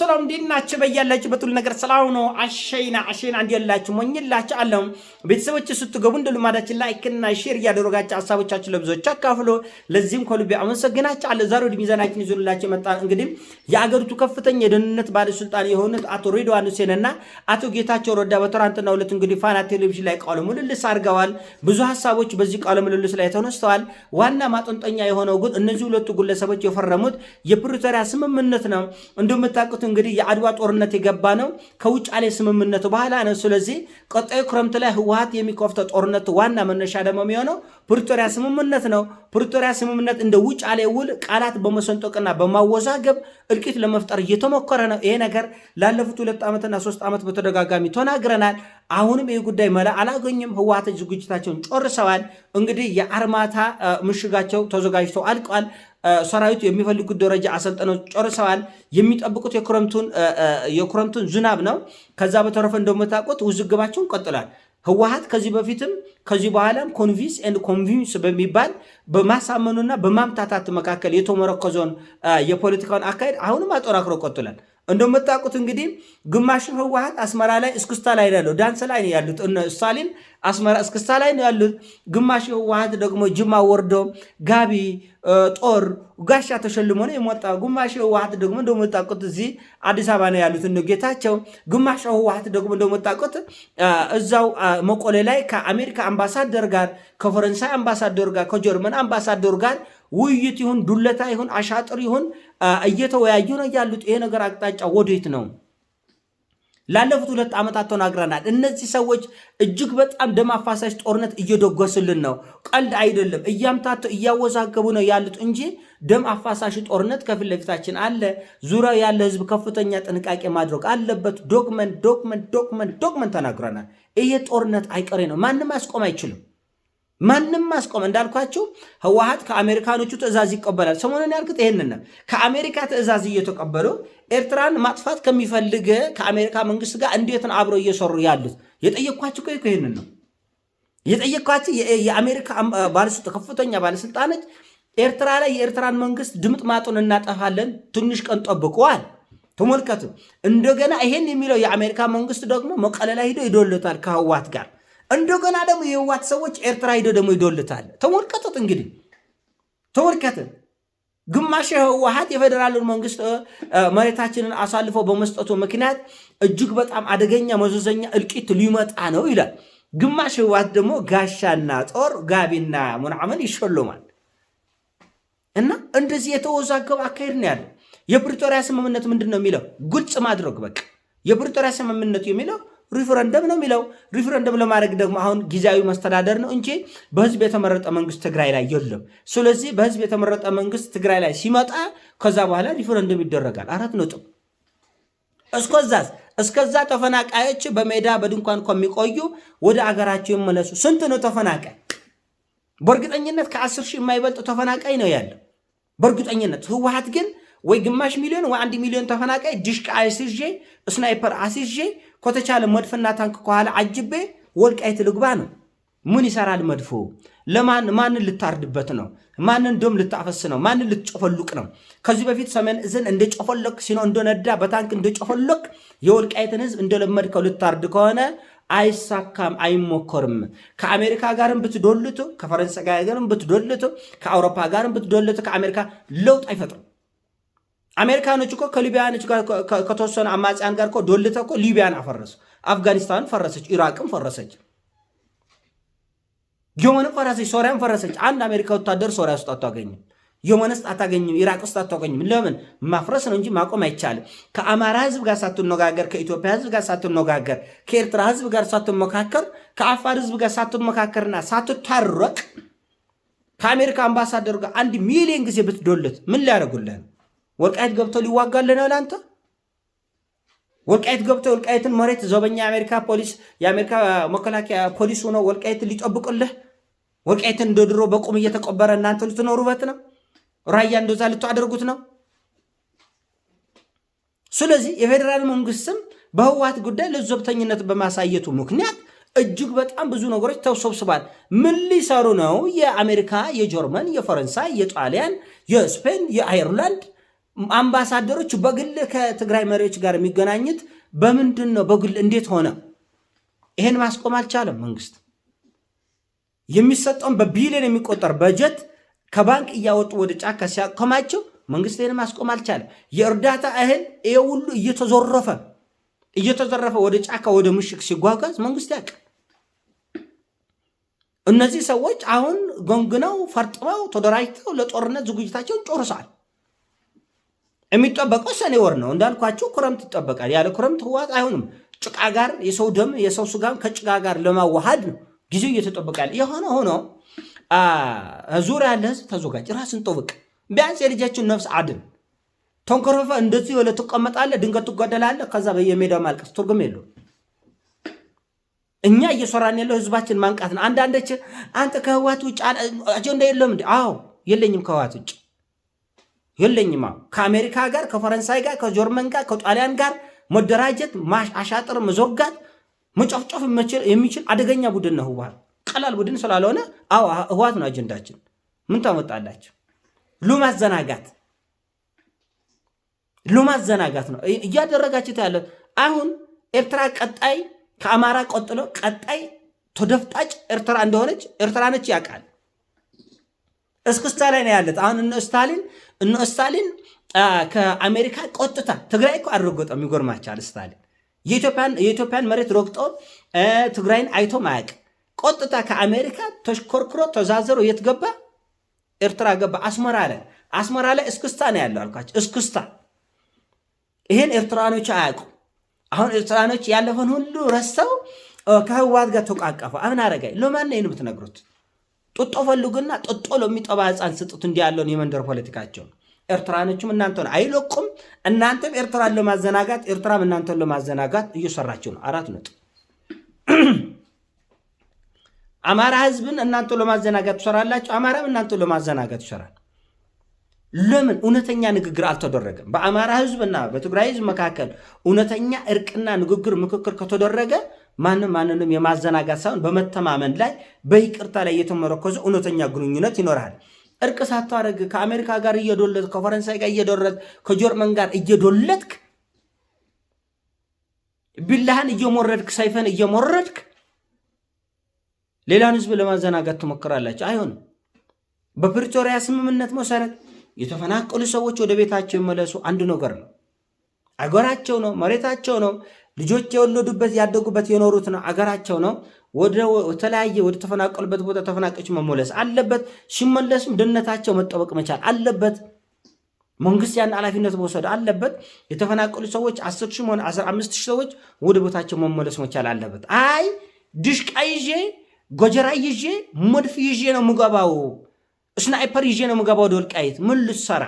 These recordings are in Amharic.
ሰላም እንዴት ናቸው? በያላችሁበት ሁሉ ነገር ሰላም ነው። አሸይና አሸይና እንዲ ያላችሁ ሞኝላችሁ አለም ቤተሰቦች ስትገቡ እንደ ልማዳችን ላይክና ሼር እያደረጋችሁ ሀሳቦቻችሁ ለብዙዎች አካፍሎ ለዚህም ከልቤ አመሰግናችሁ አለ። ዛሬ ወደ ሚዛናችን ይዞላችሁ መጣ። እንግዲህ የአገሪቱ ከፍተኛ የደህንነት ባለስልጣን የሆኑት አቶ ሬድዋን ሁሴንና አቶ ጌታቸው ረዳ በትናንትና ሁለት እንግዲህ ፋና ቴሌቪዥን ላይ ቃለ ምልልስ አድርገዋል። ብዙ ሀሳቦች በዚህ ቃለ ምልልስ ላይ ተነስተዋል። ዋና ማጠንጠኛ የሆነው ግን እነዚህ ሁለቱ ግለሰቦች የፈረሙት የፕሪቶሪያ ስምምነት ነው እንደምታውቁት እንግዲህ የአድዋ ጦርነት የገባ ነው ከውጫሌ ስምምነቱ በኋላ ነው። ስለዚህ ቀጣዩ ክረምት ላይ ህወሀት የሚከፍተው ጦርነት ዋና መነሻ ደግሞ የሚሆነው ፕሪቶሪያ ስምምነት ነው። ፕሪቶሪያ ስምምነት እንደ ውጫሌ ውል ቃላት በመሰንጠቅና በማወዛገብ እልቂት ለመፍጠር እየተሞከረ ነው። ይሄ ነገር ላለፉት ሁለት ዓመትና ሶስት ዓመት በተደጋጋሚ ተናግረናል። አሁንም ይህ ጉዳይ መላ አላገኝም። ህወሀት ዝግጅታቸውን ጨርሰዋል። እንግዲህ የአርማታ ምሽጋቸው ተዘጋጅተው አልቀዋል። ሰራዊቱ የሚፈልጉት ደረጃ አሰልጥነው ጨርሰዋል። የሚጠብቁት የክረምቱን ዝናብ ነው። ከዛ በተረፈ እንደምታውቁት ውዝግባቸውን ቀጥሏል። ህወሀት ከዚህ በፊትም ከዚህ በኋላም ኮንቪንስ ኤንድ ኮንቪንስ በሚባል በማሳመኑና በማምታታት መካከል የተመረኮዘውን የፖለቲካውን አካሄድ አሁንም አጠናክሮ ቀጥሏል። እንደምታውቁት እንግዲህ ግማሹ ህወሀት አስመራ ላይ እስክስታ ላይ ያለው ዳንስ ላይ ነው ያሉት እነ ስታሊን አስመራ እስክስታ ላይ ነው ያሉት። ግማሹ ህወሀት ደግሞ ጅማ ወርዶ ጋቢ ጦር ጋሻ ተሸልሞ ነው የሞጣ። ግማሽ ህወሓት ደግሞ እንደምታውቁት እዚህ አዲስ አበባ ነው ያሉት እነ ጌታቸው፣ ግማሽ ህወሓት ደግሞ እንደምታውቁት እዛው መቀሌ ላይ ከአሜሪካ አምባሳደር ጋር ከፈረንሳይ አምባሳደር ጋር ከጀርመን አምባሳደር ጋር ውይይት ይሁን ዱለታ ይሁን አሻጥር ይሁን እየተወያዩ ነው ያሉት። ይሄ ነገር አቅጣጫ ወዴት ነው? ላለፉት ሁለት ዓመታት ተናግረናል። እነዚህ ሰዎች እጅግ በጣም ደም አፋሳሽ ጦርነት እየደጎስልን ነው። ቀልድ አይደለም። እያምታተው እያወዛገቡ ነው ያሉት እንጂ ደም አፋሳሽ ጦርነት ከፊት ለፊታችን አለ። ዙሪያው ያለ ህዝብ ከፍተኛ ጥንቃቄ ማድረግ አለበት። ዶክመንት ዶክመን ዶክመን ዶክመንት ተናግረናል። ይሄ ጦርነት አይቀሬ ነው። ማንም ያስቆም አይችልም። ማንም ማስቆም እንዳልኳቸው ህወሀት ከአሜሪካኖቹ ትእዛዝ ይቀበላል። ሰሞኑን ያልኩት ይህንን ከአሜሪካ ትዕዛዝ እየተቀበሉ ኤርትራን ማጥፋት ከሚፈልግ ከአሜሪካ መንግስት ጋር እንዴትን አብረው እየሰሩ ያሉት የጠየኳቸው እኮ ይህን ነው የጠየኳቸው። የአሜሪካ ከፍተኛ ባለስልጣኖች ኤርትራ ላይ የኤርትራን መንግስት ድምጥ ማጡን እናጠፋለን፣ ትንሽ ቀን ጠብቀዋል። ተመልከቱ። እንደገና ይሄን የሚለው የአሜሪካ መንግስት ደግሞ መቀለላ ሂዶ ይዶለታል ከህወሓት ጋር እንደገና ደግሞ የህዋት ሰዎች ኤርትራ ሂዶ ደግሞ ይዶልታል። ተወርቀጥጥ እንግዲህ ተወርቀጥ ግማሽ ህወሀት የፌዴራሉን መንግስት መሬታችንን አሳልፎ በመስጠቱ ምክንያት እጅግ በጣም አደገኛ መዘዘኛ እልቂት ሊመጣ ነው ይላል። ግማሽ ህወሀት ደግሞ ጋሻና ጦር ጋቢና ምናምን ይሸሎማል። እና እንደዚህ የተወዛገበ አካሄድ ነው ያለው። የፕሪቶሪያ ስምምነት ምንድን ነው የሚለው ግልጽ ማድረግ በቃ የፕሪቶሪያ ስምምነት የሚለው ሪፈረንደም ነው የሚለው። ሪፍረንደም ለማድረግ ደግሞ አሁን ጊዜያዊ መስተዳደር ነው እንጂ በህዝብ የተመረጠ መንግስት ትግራይ ላይ የለም። ስለዚህ በህዝብ የተመረጠ መንግስት ትግራይ ላይ ሲመጣ ከዛ በኋላ ሪፈረንደም ይደረጋል። አራት ነጥብ። እስከዛስ እስከዛ ተፈናቃዮች በሜዳ በድንኳን ከሚቆዩ ወደ አገራቸው ይመለሱ። ስንት ነው ተፈናቃይ? በእርግጠኝነት ከአስር ሺህ የማይበልጥ ተፈናቃይ ነው ያለው በእርግጠኝነት ህወሓት ግን ወይ ግማሽ ሚሊዮን ወይ አንድ ሚሊዮን ተፈናቃይ ድሽቃ አስይዤ ስናይፐር አስይዤ ከተቻለ መድፍና ታንክ ከኋላ አጅቤ ወልቃይት ልግባ ነው። ምን ይሰራል መድፎ? ለማን ማንን ልታርድበት ነው? ማንን ደም ልታፈስ ነው? ማንን ልትጨፈሉቅ ነው? ከዚህ በፊት ሰሜን እዝን እንደ ሲኖ እንደነዳ በታንክ እንደ የወልቃይትን ህዝብ እንደለመድከው ልታርድ ከሆነ አይሳካም፣ አይሞከርም። ከአሜሪካ ጋርም ብትዶልቱ፣ ከፈረንሳይ ጋርም ብትዶልቱ፣ ከአውሮፓ ጋርም ብትዶልቱ፣ ከአሜሪካ ለውጥ አይፈጥርም። አሜሪካኖች እኮ ከሊቢያኖች ጋር ከተወሰኑ አማጽያን ጋር እኮ ዶልተ እኮ ሊቢያን አፈረሱ። አፍጋኒስታን ፈረሰች፣ ኢራቅም ፈረሰች፣ የመንም ፈረሰች፣ ሶሪያን ፈረሰች። አንድ አሜሪካ ወታደር ሶሪያ ውስጥ አታገኝም፣ የመን ውስጥ አታገኝም፣ ኢራቅ ውስጥ አታገኝም። ለምን ማፍረስ ነው እንጂ ማቆም አይቻልም። ከአማራ ህዝብ ጋር ሳትነጋገር፣ ከኢትዮጵያ ህዝብ ጋር ሳትነጋገር፣ ከኤርትራ ህዝብ ጋር ሳትመካከር፣ ከአፋር ህዝብ ጋር ሳትመካከርና ሳትታረቅ ከአሜሪካ አምባሳደሩ ጋር አንድ ሚሊዮን ጊዜ ብትዶልት ምን ሊያደርጉልህ ነው? ወልቃይት ገብተው ሊዋጋልናል ለአንተ ወልቃይት ገብተው ወልቃይትን መሬት ዘበኛ የአሜሪካ ፖሊስ የአሜሪካ መከላከያ ፖሊስ ሆኖ ወልቃይትን ሊጠብቅልህ ወልቃይትን እንደ ድሮ በቁም እየተቆበረ እናንተ ልትኖሩበት ነው። ራያ እንደዛ ልታደርጉት ነው። ስለዚህ የፌዴራል መንግስትም በህወሓት ጉዳይ ለዘብተኝነት በማሳየቱ ምክንያት እጅግ በጣም ብዙ ነገሮች ተሰብስቧል። ምን ሊሰሩ ነው? የአሜሪካ፣ የጀርመን፣ የፈረንሳይ፣ የጣሊያን፣ የስፔን፣ የአይርላንድ አምባሳደሮች በግል ከትግራይ መሪዎች ጋር የሚገናኙት በምንድን ነው? በግል እንዴት ሆነ? ይሄን ማስቆም አልቻለም መንግስት። የሚሰጠውን በቢሊዮን የሚቆጠር በጀት ከባንክ እያወጡ ወደ ጫካ ሲያከማቸው መንግስት ይህን ማስቆም አልቻለም። የእርዳታ እህል ይሄ ሁሉ እየተዘረፈ እየተዘረፈ ወደ ጫካ ወደ ምሽግ ሲጓጓዝ መንግስት ያውቅ። እነዚህ ሰዎች አሁን ጎንግነው ፈርጥመው ተደራጅተው ለጦርነት ዝግጅታቸውን ጨርሰዋል። የሚጠበቀው ሰኔ ወር ነው። እንዳልኳቸው ክረምት ይጠበቃል። ያለ ክረምት ህወሓት አይሆንም። ጭቃ ጋር የሰው ደም የሰው ስጋም ከጭቃ ጋር ለማዋሃድ ነው ጊዜው እየተጠበቃል። የሆነ ሆኖ ዙሪያ ያለ ህዝብ ተዘጋጅ፣ ራስን ጠብቅ፣ ቢያንስ የልጃችን ነፍስ አድን። ተንኮረፈ እንደዚህ ወለ ትቀመጣለ፣ ድንገት ትጓደላለ፣ ከዛ በየሜዳው ማልቀስ ትርጉም የለውም። እኛ እየሰራን ያለው ህዝባችን ማንቃት ነው። አንዳንደች አንተ ከህወሓት ውጭ አጀንዳ የለም እንዴ? አዎ የለኝም ከህወሓት ውጭ የለኝማ። ከአሜሪካ ጋር፣ ከፈረንሳይ ጋር፣ ከጀርመን ጋር፣ ከጣሊያን ጋር መደራጀት፣ አሻጥር መዞጋት፣ መጨፍጨፍ የሚችል አደገኛ ቡድን ነው ህወሓት። ቀላል ቡድን ስላልሆነ አዎ ህወሓት ነው አጀንዳችን። ምን ታመጣላችሁ? ሉማዘናጋት ሉማዘናጋት ነው እያደረጋችሁት ያለ። አሁን ኤርትራ ቀጣይ ከአማራ ቀጥሎ ቀጣይ ተደፍጣጭ ኤርትራ እንደሆነች ኤርትራ ነች ያውቃል። እስክስታ ላይ ነው ያለት። አሁን እነ ስታሊን እነ ስታሊን ከአሜሪካ ቆጥታ ትግራይ እኮ አልረገጠም። ይጎርማቻል ስታሊን የኢትዮጵያን መሬት ረግጦ ትግራይን አይቶ ማያቅ ቆጥታ ከአሜሪካ ተሽኮርክሮ ተዛዘሮ የት ገባ? ኤርትራ ገባ። አስመራ ላይ አስመራ ላይ እስክስታ ነው ያለው አልኳቸው። እስክስታ ይህን ኤርትራኖች አያውቁ። አሁን ኤርትራኖች ያለፈን ሁሉ ረስተው ከህዋት ጋር ተቋቀፈ። አምን አረጋይ ለማን ነው የምትነግሩት? ጡጦ ፈልጉና ጡጦ ለሚጠባ ህፃን ስጡት። እንዲህ ያለውን የመንደር ፖለቲካቸው ኤርትራኖችም እናንተ አይለቁም። እናንተም ኤርትራን ለማዘናጋት ኤርትራም እናንተን ለማዘናጋት እየሰራችሁ ነው። አራት ነጥብ አማራ ህዝብን እናንተ ለማዘናጋት ትሰራላችሁ። አማራም እናንተ ለማዘናጋት ይሰራል። ለምን እውነተኛ ንግግር አልተደረገም? በአማራ ህዝብና በትግራይ ህዝብ መካከል እውነተኛ እርቅና ንግግር ምክክር ከተደረገ ማንም ማንንም የማዘናጋት ሳይሆን በመተማመን ላይ በይቅርታ ላይ እየተመረኮዘ እውነተኛ ግንኙነት ይኖርሃል። እርቅ ሳታደርግ ከአሜሪካ ጋር እየዶለት ከፈረንሳይ ጋር እየዶረት ከጀርመን ጋር እየዶለትክ ቢላህን እየሞረድክ ሰይፈን እየሞረድክ ሌላን ህዝብ ለማዘናጋት ትሞክራላችሁ። አይሆንም። በፕሪቶሪያ ስምምነት መሰረት የተፈናቀሉ ሰዎች ወደ ቤታቸው የመለሱ አንድ ነገር ነው። አገራቸው ነው፣ መሬታቸው ነው። ልጆች የወለዱበት ያደጉበት የኖሩት ነው፣ አገራቸው ነው። ወደ ተለያየ ወደ ተፈናቀሉበት ቦታ ተፈናቀች መመለስ አለበት። ሲመለሱም ደህንነታቸው መጠበቅ መቻል አለበት። መንግስት ያን ኃላፊነት መውሰድ አለበት። የተፈናቀሉ ሰዎች አስር ሺህ ሆነ አስራ አምስት ሺህ ሰዎች ወደ ቦታቸው መመለስ መቻል አለበት። አይ ድሽቃ ይዤ ጎጀራ ይዤ መድፍ ይዤ ነው ምገባው፣ ስናይፐር ይዤ ነው ምገባው ወደ ወልቃይት ምን ልሰራ?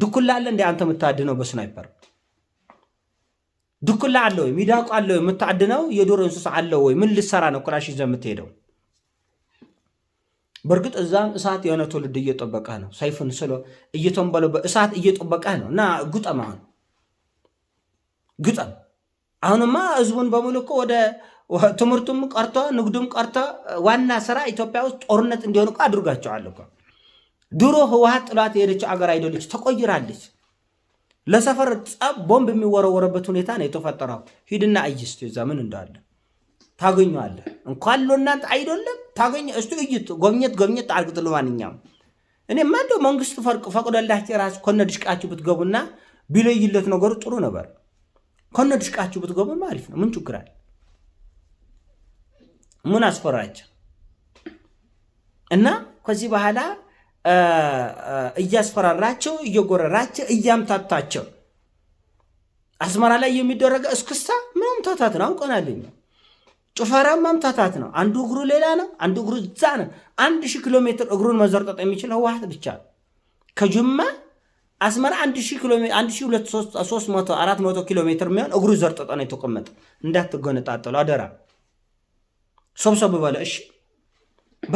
ድኩላለ እንደ አንተ የምታድነው በስናይፐር ድኩላ አለ ወይ? ሚዳቋ አለ ወይ? የምታድነው የዱር እንስሳ አለ ወይ? ምን ልሰራ ነው ክላሽ ይዘህ የምትሄደው? በእርግጥ እዛም እሳት የሆነ ትውልድ እየጠበቀህ ነው። ሰይፍን ስሎ እየተንበለ እሳት እየጠበቀህ ነው። እና ግጠም፣ አሁን ግጠም። አሁንማ ህዝቡን በሙሉ እኮ ወደ ትምህርቱም ቀርቶ ንግዱም ቀርቶ ዋና ስራ ኢትዮጵያ ውስጥ ጦርነት እንዲሆን እኮ አድርጋቸዋል እኮ። ድሮ ህወሓት ጥሏት የሄደችው አገር አይደለች፣ ተቆይራለች። ለሰፈር ጸብ ቦምብ የሚወረወረበት ሁኔታ ነው የተፈጠረው። ሂድና እይ እስቲ እዛ ምን እንዳለ ታገኘዋለህ። እንኳን ለእናንተ አይደለም ታገኘ እስቲ እይት ጎብኘት ጎብኘት አርግጥ። ለማንኛውም እኔ እንደው መንግስቱ ፈቅዶላችሁ ራሱ ከነ ድሽቃችሁ ብትገቡና ቢለይለት ነገሩ ጥሩ ነበር። ከነ ድሽቃችሁ ብትገቡ አሪፍ ነው። ምን ችግር አለ? ምን አስፈራቸው እና ከዚህ በኋላ እያስፈራራቸው እየጎረራቸው እያምታታቸው አስመራ ላይ የሚደረገ እስክስታ ምን አምታታት ነው አውቀናለኝ ጭፈራ ማምታታት ነው። አንዱ እግሩ ሌላ ነው፣ አንዱ እግሩ እዛ ነው። አንድ ሺህ ኪሎ ሜትር እግሩን መዘርጠጥ የሚችል ህወሓት ብቻ ነው። ከጅማ አስመራ አንድ ሺህ ኪሎ ሜትር አንድ ሺህ ሁለት ሦስት መቶ አራት መቶ ኪሎ ሜትር የሚሆን እግሩ ዘርጠጠ ነው የተቀመጠ። እንዳትገነጣጠሉ አደራ። ሰብሰብ በለ እሺ።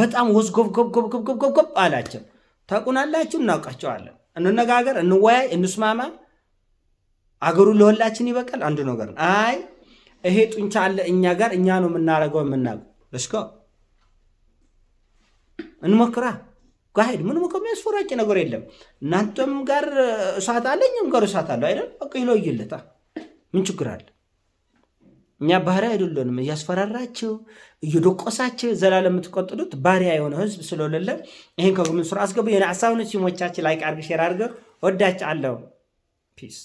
በጣም ወዝ ጎብ ጎብ ጎብ ጎብ ጎብ አላቸው። ተቁናላችሁ እናውቃቸዋለን። እንነጋገር፣ እንወያይ፣ እንስማማ። አገሩ ለሁላችን ይበቃል። አንዱ ነገር አይ ይሄ ጡንቻ አለ እኛ ጋር እኛ ነው የምናደርገው የምናውቀው። ለስኮ እንሞክራ ጋሄድ ምን ሞከ ያስፈራጭ ነገር የለም። እናንተም ጋር እሳት አለ እኛም ጋር እሳት አለ አይደል? በቃ ይለይለታ ምን ችግር አለ? እኛ ባህሪያ አይደለንም። እያስፈራራችሁ እየደቆሳችሁ ዘላለም የምትቆጥሉት ባሪያ የሆነ ህዝብ ስለሌለ ይህን ከግምት ስራ አስገቡ። የሆነ ሀሳብ ሲሞቻችሁ ላይክ አድርግ፣ ሼር አድርገ ወዳች አለው ፒስ